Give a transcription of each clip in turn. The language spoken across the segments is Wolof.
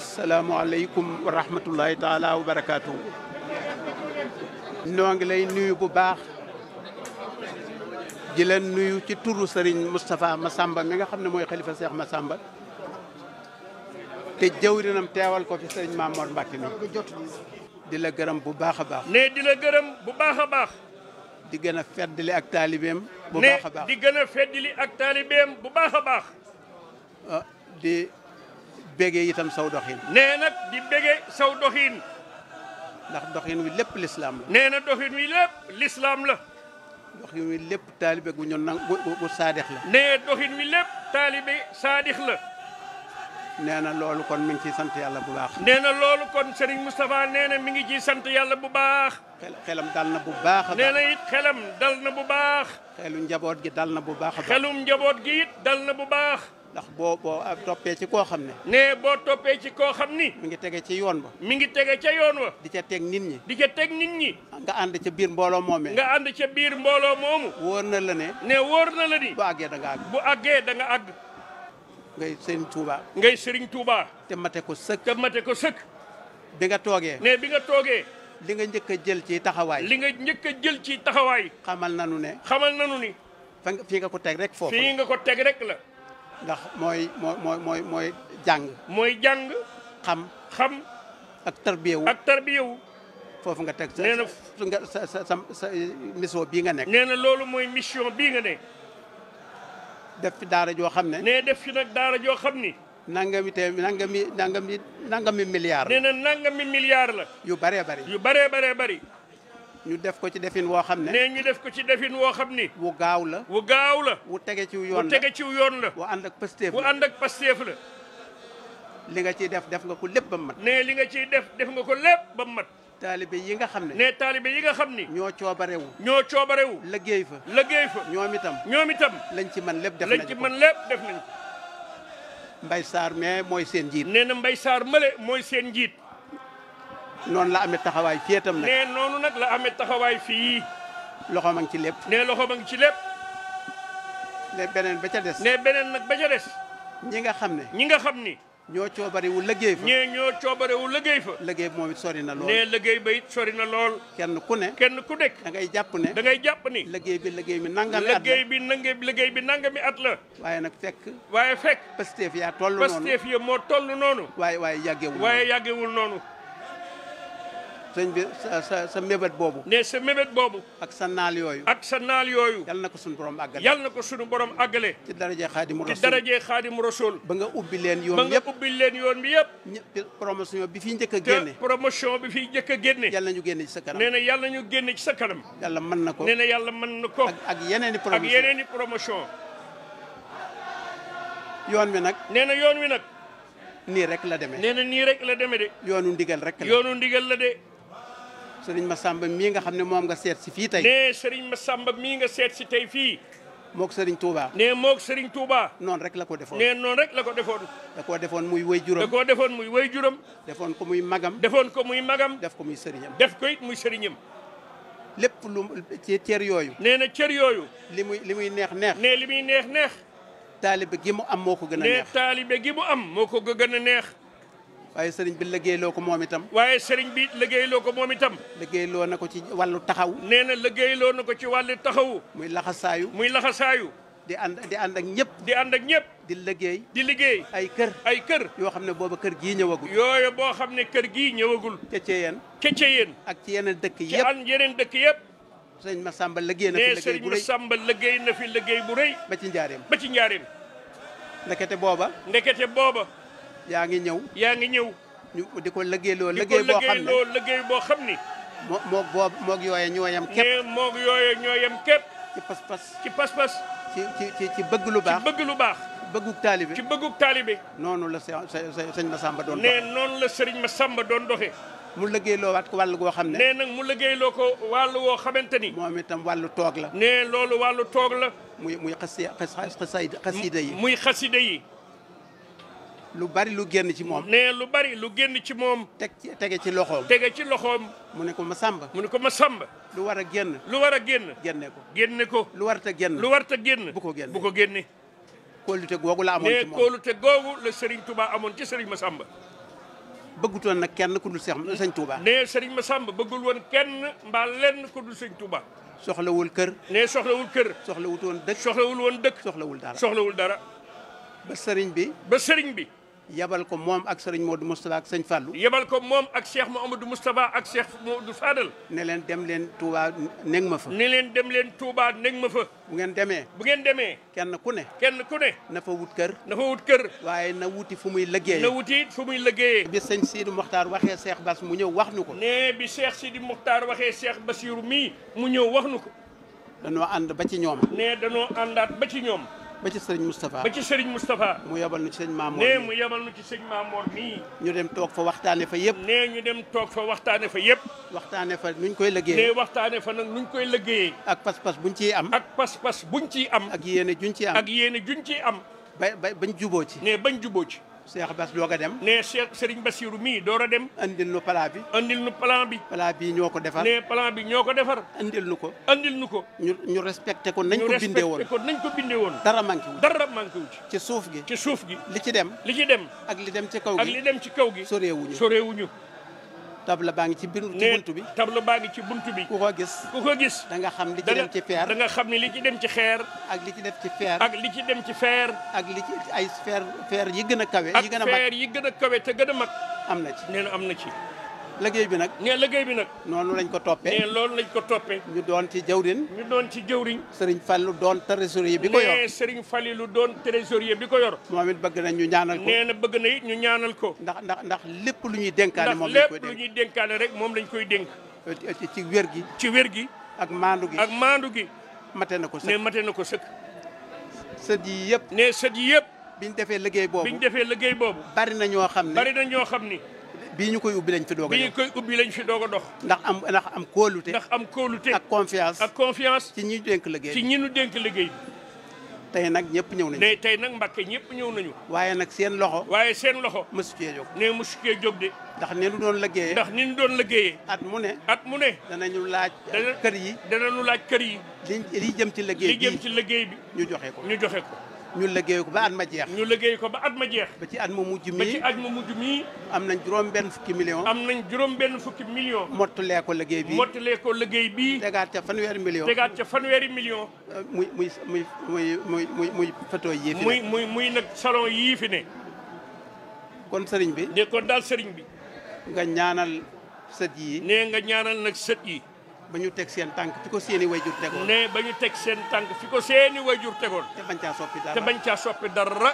asalaamualeykum wa rahmatullahi taala wa barakaatu. noo ngi lay nuyu bu baax di leen nuyu ci turu Serigne Moustapha Massamba mi nga xam ne mooy xalifa Cheikh Massamba te jëwrinam teewal ko fi Serigne Mamour Mbacke mi di la gërëm bu baax a baax. ne di la gërëm bu baax a baax. di gën a feddali ak taalibeem. bu baax a baax ne di gën a feddali ak taalibeem bu baax a baax. di. bégee itam saw nee na di bégee saw doxin. ndax doxin wi lépp lislaam la. nee na doxin wi lépp lislaam la. lépp taalibe gu ñu nang gu saadix la. nee doxin wi lépp taalibe saadix la. nee na loolu kon mi ngi ciy sant yàlla bu baax. nee na loolu kon Serigne Moustapha nee na mi ngi ci sant yàlla bu baax. xelam dal na bu baax a baax. nee it xelam dal na bu baax. xelu njaboot gi dal na bu baax a xelum njaboot gi it dal na bu baax. ndax boo boo toppee ci koo xam ne ne boo toppee ci koo xam ni mu ngi tege ci yoon ba mi ngi tege ca yoon wa di ca teg nit ñi di ca teg nit ñi nga ànd ca biir mbooloo moomee nga ànd ca biir mbooloo moomu wóor na la ne ne na la di bu àggee da boo àgg bu àggee da nga àgg ngay sëriñ Touba ngay sëriñ Touba te mate ko sëkk te mate ko sëkk bi nga toogee ne bi nga toogee li nga njëkk jël ci taxawaay li nga njëkk jël ci taxawaay xamal nanu ne xamal nanu ni fa fii nga ko teg rek foofu fii nga ko teg rek la ndax mooy mooy mooy mooy jàng. mooy jàng. xam xam. ak tarbiyewu ak tarbiyewu. foofu nga teg sa sa sa sa mission bii nga nekk. nee na loolu mooy mission bii nga nekk. def fi daara joo xam ne. nee def fi nag daara joo xam ni. nangami te nangami nangami nangami milliard. nee na nangami milliard la. yu bëree bari yu bëree bëree bari ñu def ko ci defin woo xam ne. nee ñu def ko ci defin woo xam ne wu gaaw la wu gaaw la. wu tege ciw yoon la wu ciw yoon la. wu ànd ak pasteef la wu ànd la. li nga ciy def def nga ko lépp ba mu mat. nee li nga ciy def def nga ko lépp ba mu mat. taalibe yi nga xam ne. nee taalibe yi nga xam ni. ñoo coobarewu. ñoo coobarewu. liggéey fa. liggéey fa ñoom itam. ñoom itam. lañ ci man lépp def nañ ko lañ def nañ ko. Mbay Sarr mais mooy seen njiit. nee na Mbay Sarr male mooy seen njiit. noonu la ame taxawaay fii itam nag. nee noonu la amee taxawaay fii. loxo ma ngi ci lépp. ne loxo ma ngi ci lépp. ne beneen ba ca des. ne beneen nag ba ca des. ñi nga xam ne. ñi nga xam ni. ñoo coobare wu liggéey fa. ñee ñoo coobare wu liggéey fa. liggéey bi moom it sori na lool. nee liggéey ba it sori na lool. kenn ku ne. kenn ku nekk. da ngay jàpp ne. da ngay jàpp ni. liggéey bi liggéey bi nangami at la liggéey bi nangam liggéey bi nangami at la. waaye nag fekk. waaye fekk. Pastef yaa toll noonu Pastef ya moo toll noonu. waaye waaye yàggewul noonu waaye yàggewul noonu. sëñ bi sa sa boobu. ne sa mébét boobu. ak sa naal yooyu. ak sa naal yooyu. yal na ko sunu borom àggale. yal na ko sunu borom àggale. ci darajee xaadimu rasul ci darajee xaadimu rasul. ba nga ubbi leen yoon yëpp ba leen yoon bi yëpp. ñë promotion bi fi njëkk a génne. promotion bi fi njëkk a génne. ñu génne ci sa na yal génne ci sa kanam. yàlla mën na ko nee na yàlla mën na ko. ak yeneen i promotion yeneen i yoon wi nag. nee na yoon wi nag. nii rek la deme nee na nii rek la demee de. yoonu ndigal rek la yoonu de ma samba mii nga xam ne moom nga seet si fii tey. nee sëriñ samba mii nga seet si tey fii. mook seriñ Touba. ne moog Serigne Touba. noonu rek la ko defoon nee noonu rek la ko defoon. da koo defoon muy wéy juróom. da koo defoon muy wéy juróom. defoon ko muy magam. defoon ko muy magam. def ko muy seriñam def ko it muy seriñam lépp lu ci cër yooyu. nee na cër yooyu. li muy li muy neex neex. nee li muy neex neex. taalibe gi mu am moo ko gën a neex. nee taalibe am moo ko gën a neex. waaye sëriñ bi liggéeyloo ko moom itam waaye sëriñ bi liggéeyloo ko moom itam liggéeyloo na ko ci wàllu taxaw nee na liggéeyloo na ko ci wàllu taxawu muy laxasaayu muy laxasaayu di ànd di ànd ak ñëpp di ànd ak ñëpp di liggéey di liggéey ay kër ay kër yoo xam ne booba kër gii ñëwagul yooyu boo xam ne kër gii ñëwagul cece yeen cece yeen ak ci yeneen dëkk yëpp ci an yeneen dëkk yëpp sëriñ Massamba liggéey na fi liggéey bu rëy Massamba liggéey na fi liggéey bu rëy ba ci njaareem ba ci njaareem ndekete booba ndekete booba yaa ngi ñëw yaa ngi ñëw ñu di ko liggéeyloo liggéey boo xam ne di ko boo xam ni moo moo boobu moog yooye ñoo yem képp moog yooye ñoo yem képp ci pas-pas ci pas-pas ci ci ci bëgg lu baax ci bëgg lu baax bëgguk taalibe ci bëgguk taalibe noonu la sëñ Massamba doon doxee ne noonu la ma Massamba doon doxee mu liggéeyloo waat ko wàll goo xam ne ne nag mu liggéeyloo ko wàll woo xamante ni moom itam wàllu toog la ne loolu wàllu toog la muy muy xasi xasida yi muy xasida yi lu bari lu génn ci moom. nee lu bari lu génn ci moom. teg tege ci loxoom. tege ci loxoom. mu ne ko ma sàmba. mu ne ko ma sàmba. lu war a génn. lu war a génn. génne ko génne ko. lu war ta génn. lu war ta génn. bu ko génne bu ko génne. kóolute googu la amoon ci moom nee kóolute googu la Serigne Touba amoon ci Serigne Massamba. bëggutoon nag kenn ku dul Serigne Touba. nee Serigne Massamba bëggul woon kenn mbaa lenn ku dul Serigne Touba. soxlawul kër. nee soxlawul kër. soxlawut woon dëkk. soxlawul woon dëkk. soxlawul dara soxlawul dara. ba Serigne bi. ba Serigne bi. yebal ko moom ak sëriñ Modou Moustapha ak sëñ Fallou. yebal ko moom ak Cheikh Mouhamadou Moustapha ak Cheikh Modou Fadal. ne leen dem leen Touba nekk ma fa. ne leen dem leen Touba nekk ma fa. bu ngeen demee. bu ngeen demee. kenn ku ne. kenn ku ne. na wut kër. na wut kër. waaye na wuti fu muy liggéeyee. na wuti fu muy liggéeyee. bi sëñ Sidi Mokhtar waxee Cheikh Bass mu ñëw wax nu ko. ne bi Cheikh Sidi Mokhtar waxee Cheikh Bassirou mii mu ñëw wax nu ko. danoo ànd ba ci ñoom. ne danoo àndaat ba ci ñoom. ba ci sëriñ Moustapha ba ci sëriñ Moustapha mu yebal nu ci sëñ Maamoor nee mu yebal nu ci sëñ Maamoor mii ñu dem toog fa waxtaane fa yëpp nee ñu dem toog fa waxtaane fa yëpp waxtaane fa nuñ koy liggéeyee nee waxtaane fa nag nuñ koy liggéeyee ak pas-pas buñ ciy am ak pas-pas buñ ciy am ak yéene juñ ciy am ak yéene juñ ciy am ba bañ juboo ci nee bañ juboo ci Cheikh Bass doog a dem. ne Cheikh Serigne Bassirou mii door dem. andil nu plan bi. andil nu plan bi. plan bii ñoo ko defar. ne plan bi ñoo ko defar. andil nu ko. andil nu ko. ñu ñu respecté ko nañ ko bindee woon. ñu respecté ko nañ ko bindee woon. dara manqué wu. dara manqué wu suuf gi. ci suuf gi. li ci dem. li ci dem. ak li dem ci kaw gi ak li dem ci kaw gi. soreewuñu soreewuñu. table baa ngi ci biir ci buntu bi table baa ngi ci buntu bi ku ko gis ku ko gis da nga xam li ci dem ci feer danga xam ne li ci dem ci xeer ak li ci def ci feer ak li ci dem ci feer ak li ci ay feer feer yi gën a kawe yi gën a mag yi gën a kawe te gën a mag am na ci nee am na ci liggéey bi nag ne liggéey bi nag noonu lañ ko toppee ne loolu lañ ko toppee ñu doon ci jëwriñ ñu doon ci jëwriñ sëriñ Fallou doon trésorier bi ko yor ne sëriñ Fallou doon trésorier bi ko yor moom it bëgg na ñu ñaanal ko nee na bëgg na it ñu ñaanal ko ndax ndax ndax lépp lu ñuy dénkaane moom lañ koy dénk lépp lu ñuy dénkaane rek moom lañ koy dénk ci wér gi ci wér gi ak maandu gi ak maandu gi mate na ko sëkk ne mate na ko sëkk sët yi yëpp ne sët yi yëpp biñ defee liggéey boobu biñ defee liggéey boobu bari na ñoo xam ne bari na ñoo xam ni bii ñu koy ubbi lañ fi doog a dox ubbi lañ fi doog dox. ndax am ndax am kóolute. ndax am kóolute ak confiance. ak confiance ci ñi ñu dénk liggéey ci ñi ñu dénk liggéey bi. tey nag ñëpp ñëw nañu. ne tey nag Mbàkke ñëpp ñëw nañu. waaye nag seen loxo. waaye seen loxo. mosu cee jóg ne mosu cee jog de. ndax ni ñu doon liggéeyee. ndax ni ñu doon liggéeyee. at mu ne. at mu ne. danañu laaj. kër yi danañu laaj kër yi. li jëm ci liggéey bi ci liggéey bi. ñu joxe ko ñu joxe ko. ñu liggéey ko ba at ma jeex. ñu liggéey ko ba at ma jeex. ci at mu mujj mii ba ci at mu am nañ juróom benn fukki million. am nañ juróom benn fukki million. mottalee ko liggéey bii mottalee ko liggéey bii. tegaat ca fanweeri million. tegaat ca fanweeri million. Euh, muy muy muy muy muy muy photo yii muy muy muy nag salon yii fi ne. kon sëriñ bi. ne kon daal sëriñ bi. nga ñaanal sët yi. nee nga ñaanal nag sët yi. ba ñu teg seen tànk fi ko seeni wayjur tegoon. ne ba ñu teg seen tànk fi ko seeni way tegoon. te bañ caa soppi dara te bañ caa soppi dara.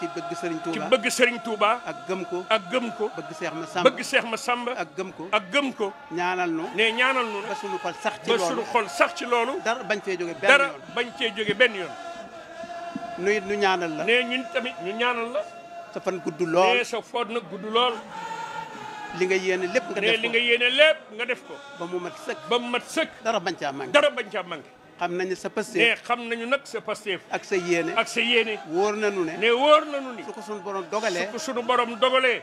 ci bëgg Serigne Touba ci bëgg Serigne tuuba a gëm ko ak gëm ko. bëgg Seex ma Samba bëgg ma Samba. ak gëm ko ak gëm ko. ñaanal nu ne ñaanal nu ba sax ci loolu ba suñu xol sax ci loolu. dara bañ cee jóge benn yoon dara bañ cee jóge benn yoon. nu ñu ñaanal la. ne ñun tamit ñu ñaanal la. sa fan gudd lool ne gudd lool. li nga yéene lépp nga def ko li nga yéene lépp nga def ko. ba mu mat sëkk ba mu mat sëkk. dara bañ caa manqué dara bañ caa manqué. xam nañu sa pasteef mais xam nañu nag sa pasteef. ak sa yéene ak sa yéene. wóor nañu ne. ne wóor nañu ni. su ko sunu borom dogalee su ko sunu borom dogalee.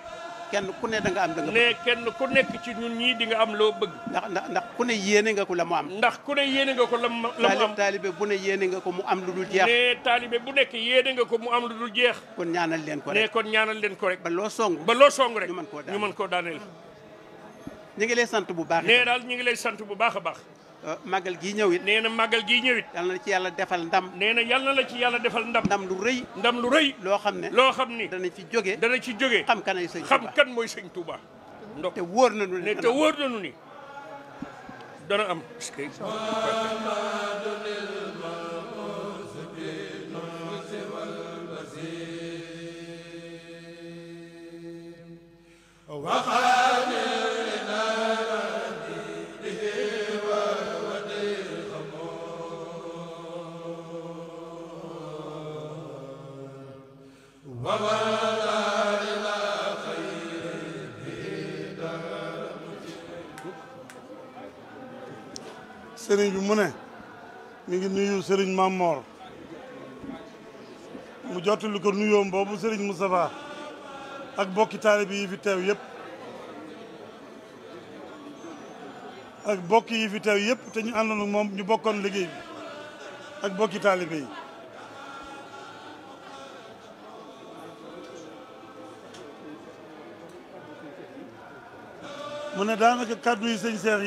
kenn ku ne da nga am da nga ne kenn ku nekk ci ñun ñii di nga am loo bëgg ndax ndax ndax ku ne yéene nga ko la mu am ndax ku ne yéene nga ko la mu am taalibe bu ne yéene nga ko mu am lu dul jeex ne taalibe bu nekk yéene nga ko mu am lu dul jeex kon ñaanal leen ko rek ne kon ñaanal leen ko rek ba loo song ba loo song rek ñu mën koo daaneel ñu mën koo daaneel ñu ngi lay sant bu baax nee daal ñu ngi lay sant bu baax a baax Euh, màggal gii ñëw it nee na màggal gii ñëw it ci yàlla defal ndam nee na yal la ci yàlla defal ndam ndam lu rëy ndam lu rëy loo xam ne loo xam ni dana ci jóge dana ci jóge xam kan ay sëñ xam kan mooy sëñ Touba ndox te wóor nañu ne te wóor nañu ni dana am waaw sëriñ mu ne mi ngi nuyu sëriñ Mamor mu jottali ko nuyoom boobu sëriñ Moustapha ak bokki taalibe yi fi teew yëpp ak bokk yi fi teew yëpp te ñu àndoon ak moom ñu bokkoon liggéey bi ak bokki taalibe yi mu daanaka kàddu yi sëñ Seex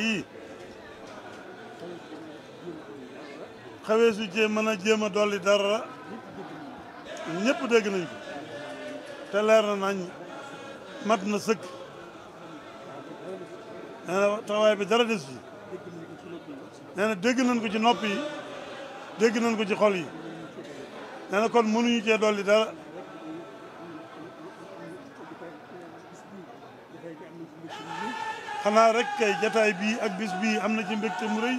xawee su jéem mën a jéem a dolli dara ñépp dégg nañ ko te leer na nañ mat na sëkk nee na bi dara des yi nee dégg nañ ko ci nopp yi dégg nañ ko ci xol yi nee na kon mënuñu cee dolli dara xanaa rek kay jataay bii ak bis bii am na ci mbégte mu rëy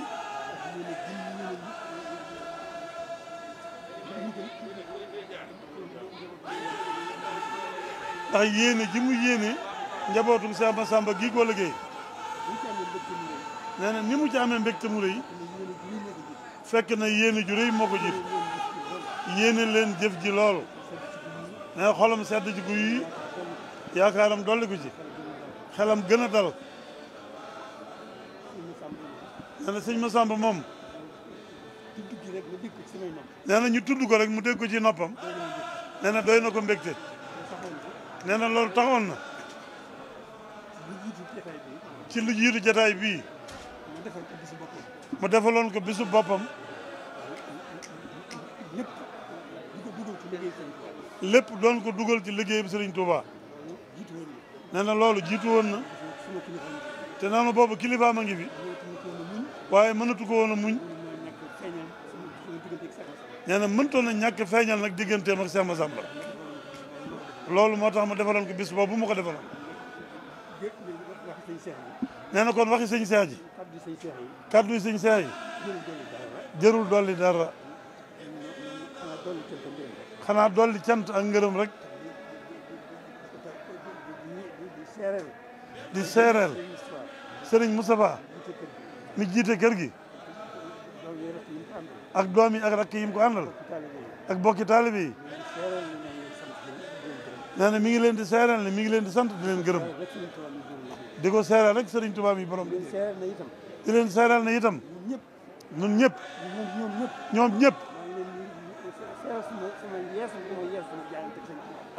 ndax yéene ji mu yéene njabootum Cheikh sàmba gi ko liggéey nee na ni mu ci amee mu rëy fekk na yéene ju rëy moo ko jif yéene leen jëf ji lool nee na xolam sedd ji guy yaakaaram dolli ko ci xelam gën a dal nee na moom nee na ñu tudd ko rek mu dégg ko ci noppam nee na doy na ko mbégte nena na loolu na ci lu jiitu jotaay bi mu defalon ko bisu bopam lepp don ko dugal ci bi Serigne Touba nena lolou jitu won na te noonu bobu kilifa ma ngi bi waye manatu ko wona muñ nena mën to na ñak feñal nak digënté mak sama sama loolu moo tax mu defaloon ko bis boobu bu mu ko defaloon. nee na kon waxi sëñ seex ji. kaddu yi sëñ seex yi. jërul dolli dara. xanaa dolli cant ak ngërëm rek. di seereel sëriñ Moustapha mi jiite kër gi ak doom yi ak rakk yi ko àndal ak bokki taalibe yi nee na mi ngi leen di seeral ne mi ngi leen di sant di leen gërëm di ko seeral rek Serigne Touba mi borom di leen seeral ne itam ñun ñëpp ñoom ñëpp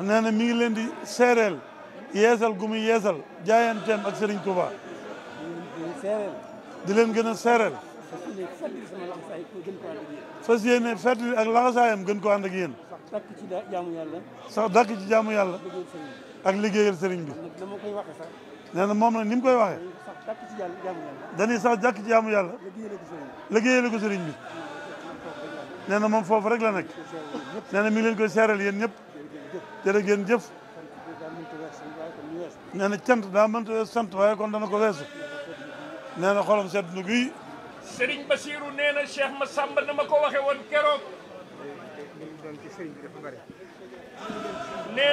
nee na mi ngi leen di seereel yeesal gu muy yeesal jaayanteem ak Serigne Touba di leen gën a seereel fas yéene fàttali ak laxasaayam gën ko ànd ak yéen dàkk ci jaamu yàlla. sax dàkk ci jaamu yàlla. ak liggéeyal sëriñ bi. na ma koy waxee na moom nag ni mu koy waxee. sax dàkk ci jaamu yàlla. dañuy sax dàkk ci jaamu yàlla. liggéeyal sëriñ bi. nee moom foofu rek la nekk. nee na mi ngi leen koy seeral yéen ñëpp. jërë ngeen jëf. nee na cant daa mënta weesu sant waaye kon dana ko weesu. nee na xolam sedd na guy. sëriñ Basiiru nee na Cheikh Massamba na ma ko waxee woon keroog. sëriñ bi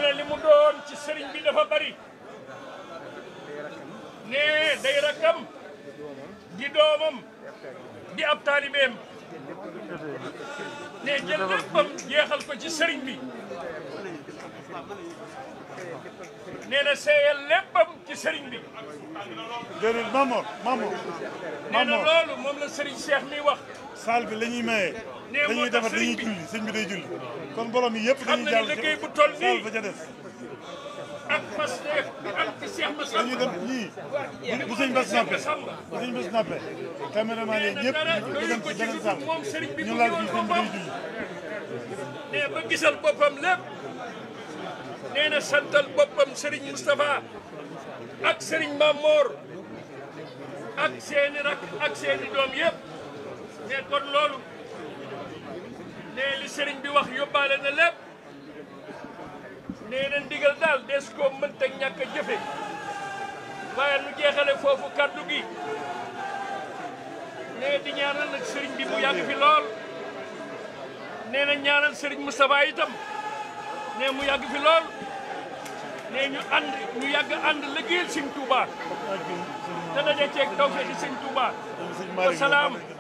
na li mu doon ci sëriñ bi dafa bari. nee day rakkam. di doomam. di ab taalibeem. nee jël léppam jeexal ko ci sëriñ bi. nee na seeyal léppam ci sëriñ bi. jërëjëf Mamor Mamor. nee na loolu moom la sëriñ Cheikh mi wax. saal bi la ñuy maye. nee moo tax sëriñ bi julli sëñ bi day julli. kon borom yi yëpp dañuy jàll ci liggéey bu toll nii fa ca des. ak mas neef ak ci Cheikh Massamba. dañuy dem ñii bu sëñ Bass nappe bu sëñ Bass nappe. caméraman yi ñëpp ñu dem ci beneen sàmm ñu laal fii sëñ bi day julli. nee ba nee na santal boppam Serigne Moustapha ak Serigne Mamor ak seeni rak ak seeni doom yëpp ne kon loolu nee li Serigne bi wax yóbbaale na lépp nee na ndigal daal des koo mënta ñàkk a jëfe waaye nu jeexale foofu kaddu gi nee di ñaanal nag Serigne bi mu yàgg fi lool nee na ñaanal Serigne Moustapha itam ne mu yàgg fi lool ne ñu ànd ñu yàgg ànd liggéeyal Sëñ Touba te daje ceeg tawfeexi Sëñ Touba wasalaam